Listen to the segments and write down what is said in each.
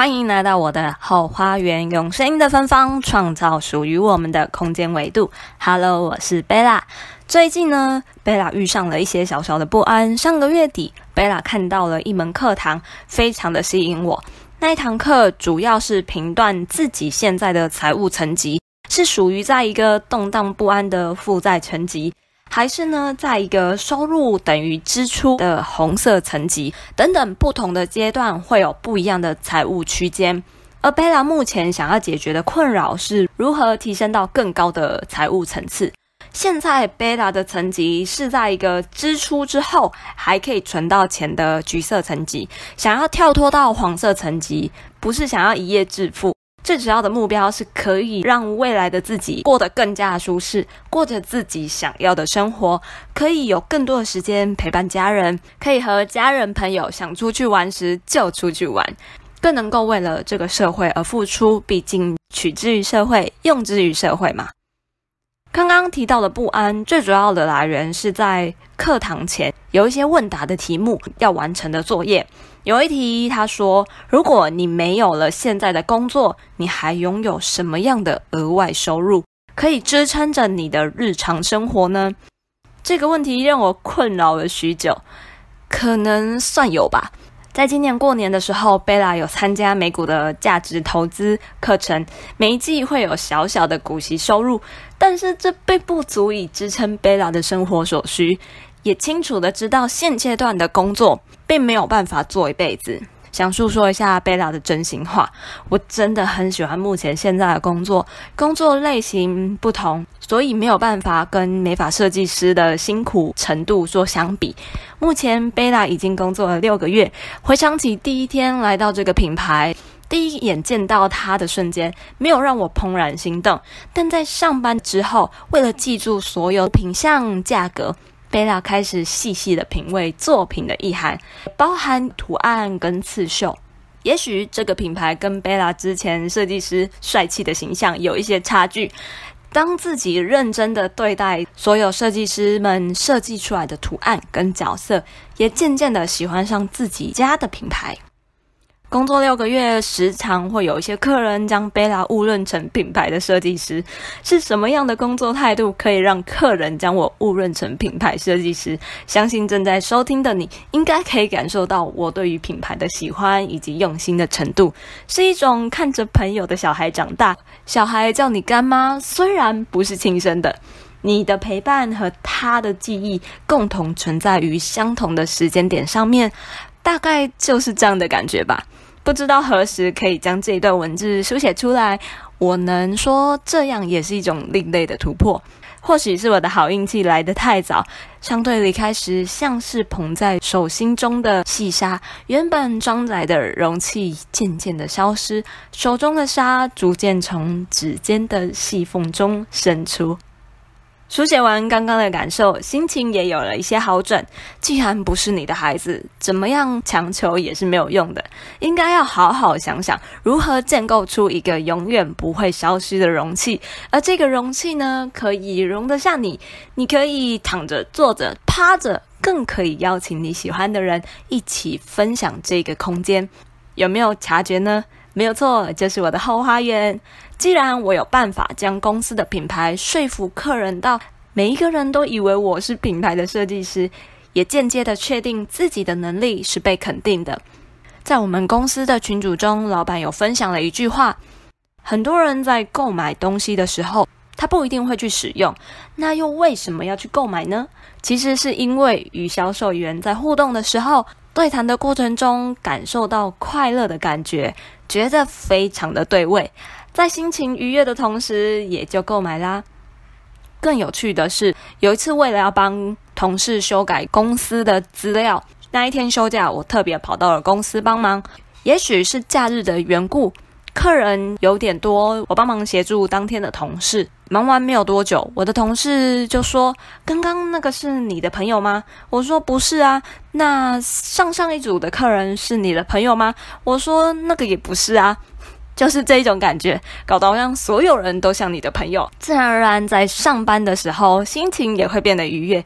歡迎來到我的後花園，用聲音的芬芳創造屬於我們的空間維度。Hello，我是 Bella。最近呢，Bella 遇上了一些小小的不安。上個月底，Bella 看到了一門課堂，非常的吸引我。那一堂課主要是評斷自己現在的財務層級，是屬於在一個動盪不安的負債層級。還是呢，在一個收入等於支出的紅色層級，等等不同的階段，會有不一樣的財務區間。而貝拉目前想要解決的困擾是如何提升到更高的財務層次。現在貝拉的層級是在一個支出之後還可以存到錢的橘色層級，想要跳脫到黃色層級，不是想要一夜致富。.最主要的目標是可以讓未來的自己過得更加舒適，過着自己想要的生活，可以有更多的時間陪伴家人，可以和家人朋友想出去玩時就出去玩，更能夠為了這個社會而付出。畢竟取之於社會，用之於社會嘛。剛剛提到的不安，最主要的來源是在課堂前有一些問答的題目要完成的作業。有一題，他說：“如果你沒有了現在的工作，你還擁有什麼樣的額外收入可以支撐着你的日常生活呢？”這個問題讓我困擾了許久，可能算有吧。在今年過年的時候，貝拉有參加美股的價值投資課程，每一季會有小小的股息收入，但是這並不足以支撐貝拉的生活所需。也清楚的知道現階段的工作並沒有辦法做一輩子。想訴說一下貝拉的真心話，我真的很喜歡目前現在的工作，工作類型不同，所以沒有辦法跟美髮設計師的辛苦程度做相比。目前貝拉已經工作了六個月，回想起第一天來到這個品牌，第一眼見到他的瞬間，沒有讓我怦然心動，但在上班之後，為了記住所有品項價格。貝拉開始細細的品味作品的意涵，包含圖案跟刺繡。也許這個品牌跟貝拉之前設計師帥氣的形象有一些差距。當自己認真的對待所有設計師們設計出來的圖案跟角色，也漸漸的喜歡上自己家的品牌。工作六個月，時常會有一些客人將貝拉誤認成品牌的設計師。是什麼樣的工作態度可以讓客人將我誤認成品牌設計師？相信正在收聽的你應該可以感受到我對於品牌的喜歡以及用心的程度，是一種看着朋友的小孩長大，小孩叫你乾媽，雖然不是親生的，你的陪伴和他的記憶共同存在於相同的時間點上面，大概就是這樣的感覺吧。不知道何時可以將這一段文字書寫出來，我能說這樣也是一種另類的突破，或許是我的好運氣來得太早。相對離開時，像是捧在手心中的細沙，原本裝載的容器漸漸的消失，手中的沙逐漸從指尖的細縫中滲出。書寫完剛剛的感受，心情也有了一些好轉。既然不是你的孩子，怎麼樣強求也是沒有用的。應該要好好想想，如何建構出一個永遠不會消失的容器，而這個容器呢，可以容得下你。你可以躺着、坐着、趴着，更可以邀請你喜歡的人一起分享這個空間。有沒有察覺呢？沒有錯，就是我的後花園。既然我有辦法將公司的品牌說服客人到，每一個人都以為我是品牌的設計師，也間接的確定自己的能力是被肯定的。在我們公司的群組中，老闆有分享了一句話：很多人在購買東西的時候，他不一定會去使用，那又為什麼要去購買呢？其實是因為與銷售員在互動的時候，對談的過程中感受到快樂的感覺。覺得非常的對味，在心情愉悅的同時，也就購買啦。更有趣的是，有一次為了要幫同事修改公司的資料，那一天休假，我特別跑到了公司幫忙。也許是假日的緣故。客人有點多，我幫忙協助當天的同事。忙完沒有多久，我的同事就說：“剛剛那個是你的朋友嗎？”我說：“不是啊。”那上上一組的客人是你的朋友嗎？我說：“那個也不是啊。”就是這一種感覺，搞得好像所有人都像你的朋友。自然而然，在上班的時候心情也會變得愉悅，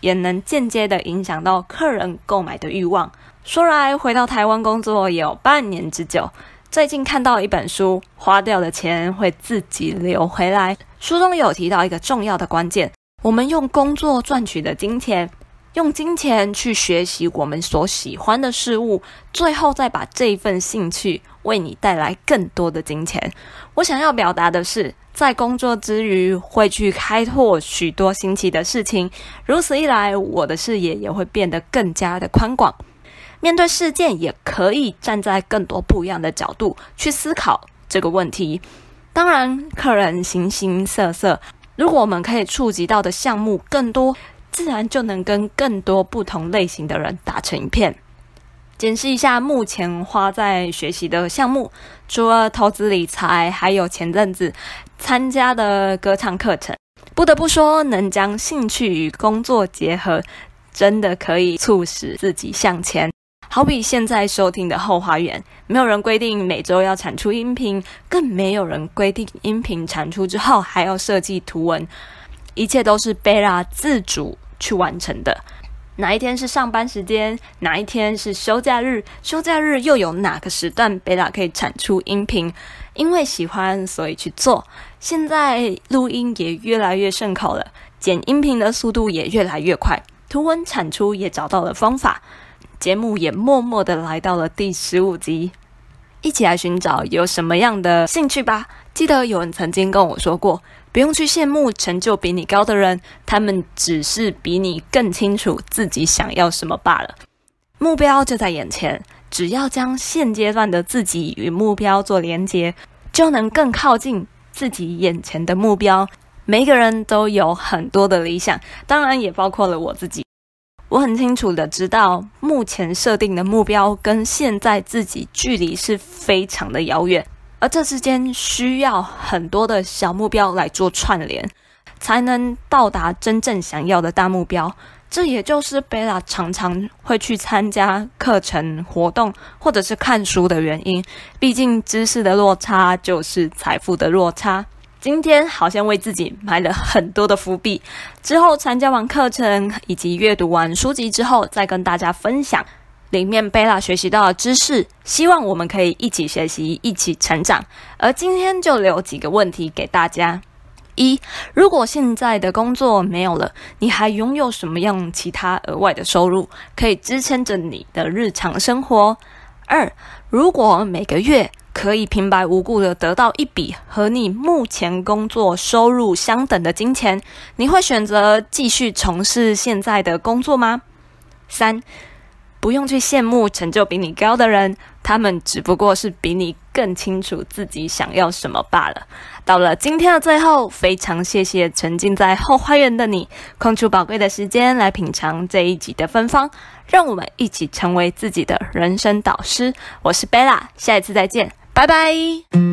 也能間接的影響到客人購買的欲望。說來，回到台灣工作也有半年之久。最近看到一本書，花掉的錢會自己流回來。書中有提到一個重要的關鍵：我們用工作賺取的金錢，用金錢去學習我們所喜歡的事物，最後再把這份興趣為你帶來更多的金錢。我想要表達的是，在工作之餘會去開拓許多新奇的事情，如此一來，我的視野也會變得更加的寬廣。面對事件，也可以站在更多不一樣的角度去思考這個問題。當然，客人形形色色，如果我們可以觸及到的項目更多，自然就能跟更多不同類型的人打成一片。檢視一下目前花在學習的項目，除了投資理財，還有前陣子參加的歌唱課程。不得不說，能將興趣與工作結合，真的可以促使自己向前。好比現在收聽的後花園，沒有人規定每周要產出音頻，更沒有人規定音頻產出之後還要設計圖文，一切都是貝拉自主去完成的。哪一天是上班時間，哪一天是休假日，休假日又有哪個時段貝拉可以產出音頻？因為喜歡，所以去做。現在錄音也越來越順口了，剪音頻的速度也越來越快，圖文產出也找到了方法。節目也默默的來到了第十五集，一起來尋找有什麼樣的興趣吧。記得有人曾經跟我說過，不用去羨慕成就比你高的人，他們只是比你更清楚自己想要什麼罷了。目標就在眼前，只要將現階段的自己與目標做連接，就能更靠近自己眼前的目標。每一個人都有很多的理想，當然也包括了我自己。我很清楚的知道，目前設定的目標跟現在自己距離是非常的遙遠，而這之間需要很多的小目標來做串聯，才能到達真正想要的大目標。這也就是貝拉常常會去參加課程活動或者是看書的原因，畢竟知識的落差就是財富的落差。今天好像為自己埋了很多的伏筆，之後參加完課程以及閱讀完書籍之後，再跟大家分享裡面貝拉學習到的知識。希望我們可以一起學習，一起成長。而今天就留幾個問題給大家：一，如果現在的工作沒有了，你還擁有什麼樣其他額外的收入可以支撐着你的日常生活？二，如果每個月可以平白無故的得到一筆和你目前工作收入相等的金錢，你會選擇繼續從事現在的工作嗎？三，不用去羨慕成就比你高的人，他們只不過是比你更清楚自己想要什麼罷了。到了今天的最後，非常謝謝沉浸在 Hoo 花園的你，空出寶貴的時間來品嘗這一集的芬芳，讓我們一起成為自己的人生導師。我是 Bella，下一次再見。拜拜。